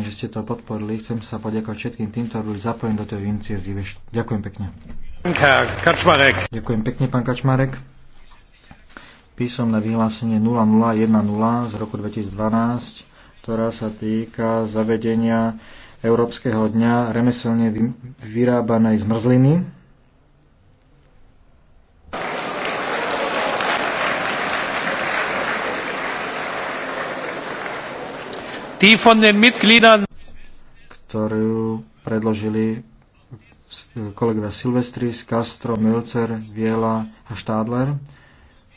že ste to podporili. Chcem sa poďakovať všetkým týmto, ktorí zapojení do tej iniciatívy. Ďakujem pekne. Kačmarek. Ďakujem pekne, pán Kačmarek. Písomné vyhlásenie 0010 z roku 2012, ktorá sa týka zavedenia Európskeho dňa remeselne vyrábanej zmrzliny. die von den Mitgliedern ktorú predložili kolegovia Silvestris, Castro, Milcer, Viela a Štádler,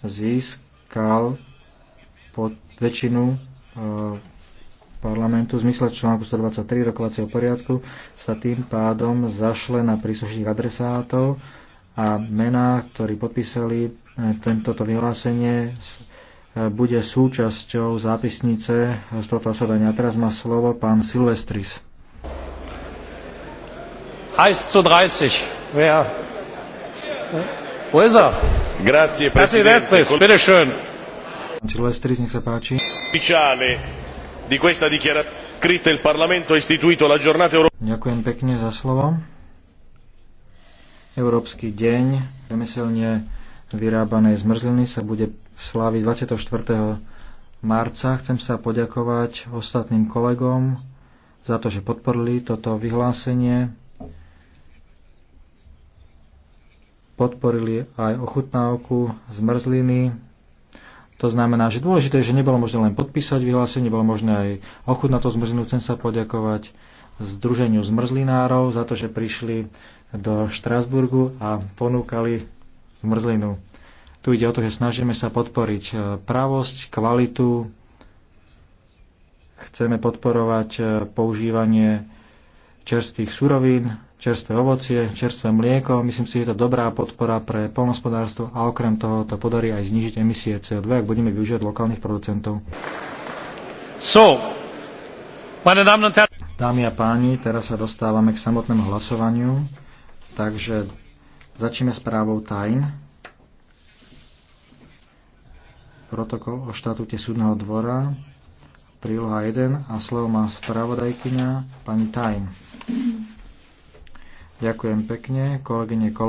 získal pod väčšinu e, parlamentu v zmysle článku 123 rokovacieho poriadku sa tým pádom zašle na príslušných adresátov a mená, ktorí podpísali e, tento vyhlásenie, bude súčasťou zápisnice z tohto zasadania. Teraz má slovo pán Silvestris. Heißt zu 30. Wer? Wo ist er? Grazie, Herr Silvestris, bitte schön. Pán Silvestris, nech sa páči. Di questa dichiarazione scritta il Parlamento ha e istituito la giornata europea. Ďakujem pekne za slovo. Európsky deň, remeselne vyrábanej zmrzliny sa bude sláviť 24. marca. Chcem sa poďakovať ostatným kolegom za to, že podporili toto vyhlásenie. Podporili aj ochutnávku zmrzliny. To znamená, že dôležité je, že nebolo možné len podpísať vyhlásenie, bolo možné aj ochutnať to zmrzlinu. Chcem sa poďakovať Združeniu zmrzlinárov za to, že prišli do Štrasburgu a ponúkali zmrzlinu. Tu ide o to, že snažíme sa podporiť e, pravosť, kvalitu, chceme podporovať e, používanie čerstvých surovín, čerstvé ovocie, čerstvé mlieko. Myslím si, že je to dobrá podpora pre polnospodárstvo a okrem toho to podarí aj znižiť emisie CO2, ak budeme využívať lokálnych producentov. So, Dámy a páni, teraz sa dostávame k samotnému hlasovaniu. Takže Začneme správou Tajn. Protokol o štatúte súdneho dvora. Príloha 1 a slovo má spravodajkyňa pani Tajn. Ďakujem pekne, kolegyne, kolegyne.